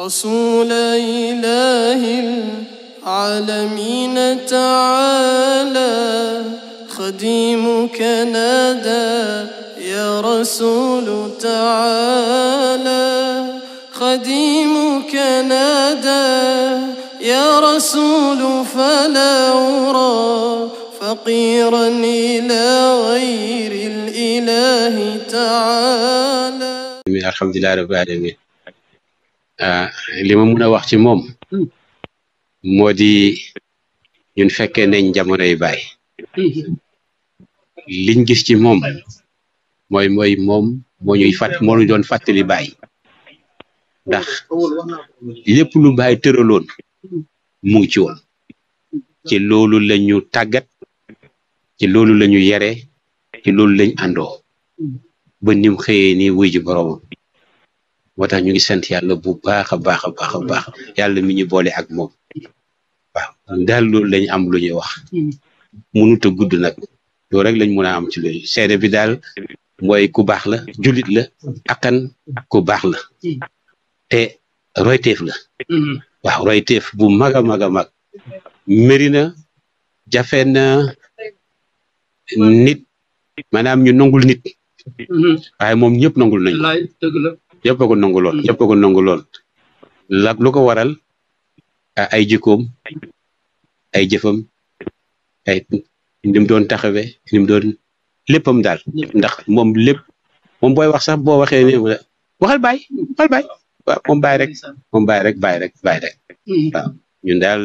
رسول إله العالمين تعالى خديمك نادى يا رسول تعالى خديمك نادى يا رسول فلا أرى فقيرا إلى غير الإله تعالى الحمد لله رب العالمين Euh, li ma mun a wax ci moom moo di ñun fekkee nañ jamonoy baay liñ gis ci moom mooy mooy moom moo ñuy fàtt moo ñu doon fàttali baay ndax lépp lu baay tëraloon mu ngi ci woon ci loolu la tàggat ci loolu la ñu yare ci loolu lañ àndoo ba nim xëyee ni wuy ji boroomam moo tax ñu ngi sent yàlla bu baax a baax a baax a baax yàlla mi ñu boole ak moom waaw daal loolu lañ am lu ñuy wax mënut a gudd nag loolu rek lañ mën a am ci loolu seede bi daal mooy ku baax la julit la akan ku baax la te royteef la waaw royteef bu mag a mag a mag mëri na jafe na nit maanaam ñu nangul nit mm-hmm. waaye moom ñëpp nangul nañ ñëpp ko nangu loon ñëpp ko nangu loon la lu ko waral ay jikkoom ay jëfam ay ni mu doon taxawe ni mu doon léppam daal ndax moom lépp moom booy wax sax boo waxee ne waxal bàyyi waxal bàyyi waaw moom bàyyi rek moom bàyyi rek bàyyi rek bàyyi rek mm-hmm. waaw ñun daal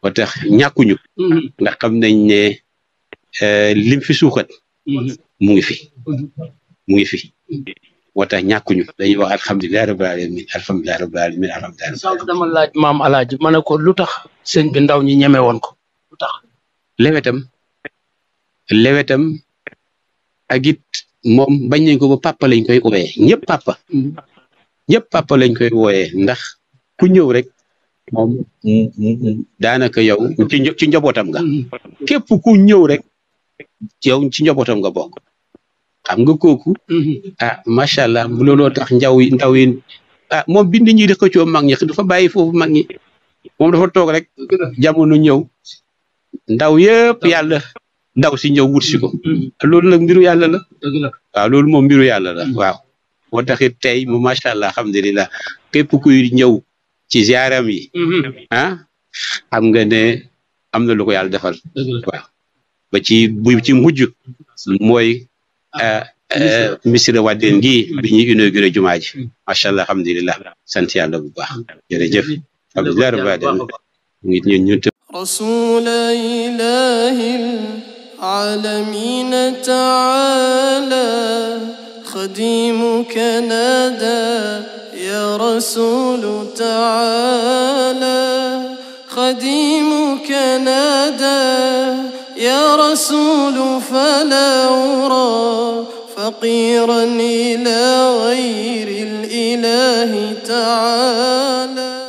ba tax ñàkkuñu mm-hmm. ndax xam nañ ne eh, lim fi suuxat mm-hmm. mu ngi fi mu ngi fi moo tax ñàkkuñu dañuy wax alhamdulilah rabbil alamin alhamdulilah rabbil alamin alhamdulilah. sànq dama laaj maam alaaji ma ne ko lu tax sëñ bi ndaw ñi ñeme woon ko lu tax. lewetam lewetam ak it moom bañ nañ ko ba papa lañ koy wooyee ñëpp papa ñëpp papa lañ koy wooyee ndax ku ñëw rek moom daanaka yow ci njabootam nga mm-hmm. képp ku ñëw rek yow ci njabootam nga bokk. xam nga kooku mhm. ah macha allah looloo tax njaw yi ndaw yi ah moom bind ñuy def ko coo mag ñi dafa bàyyi foofu mag ñi moom dafa toog rek jamono ñëw ndaw yëpp yàlla ndaw si ñëw wut si ko mhm. ah, loolu nag mbiru yàlla la waaw ah, loolu moom mbiru yàlla la mhm. waaw moo taxit tey mu macha allah alhamdulilah képp kuy ñëw ci ziaram yi ah xam nga ne am na lu ko yàlla defal waaw ba ci bu ci mujj mooy آه، آه، آه، مسيرة وديني بني ينوغيري جماعي ما شاء الله الحمد لله سنتي الله ببا يرجف عبد الله ربا رسول إله العالمين تعالى خديمك نادى يا رسول تعالى خديمك نادى يا رسول فلا أرى فقيرا إلى غير الإله تعالى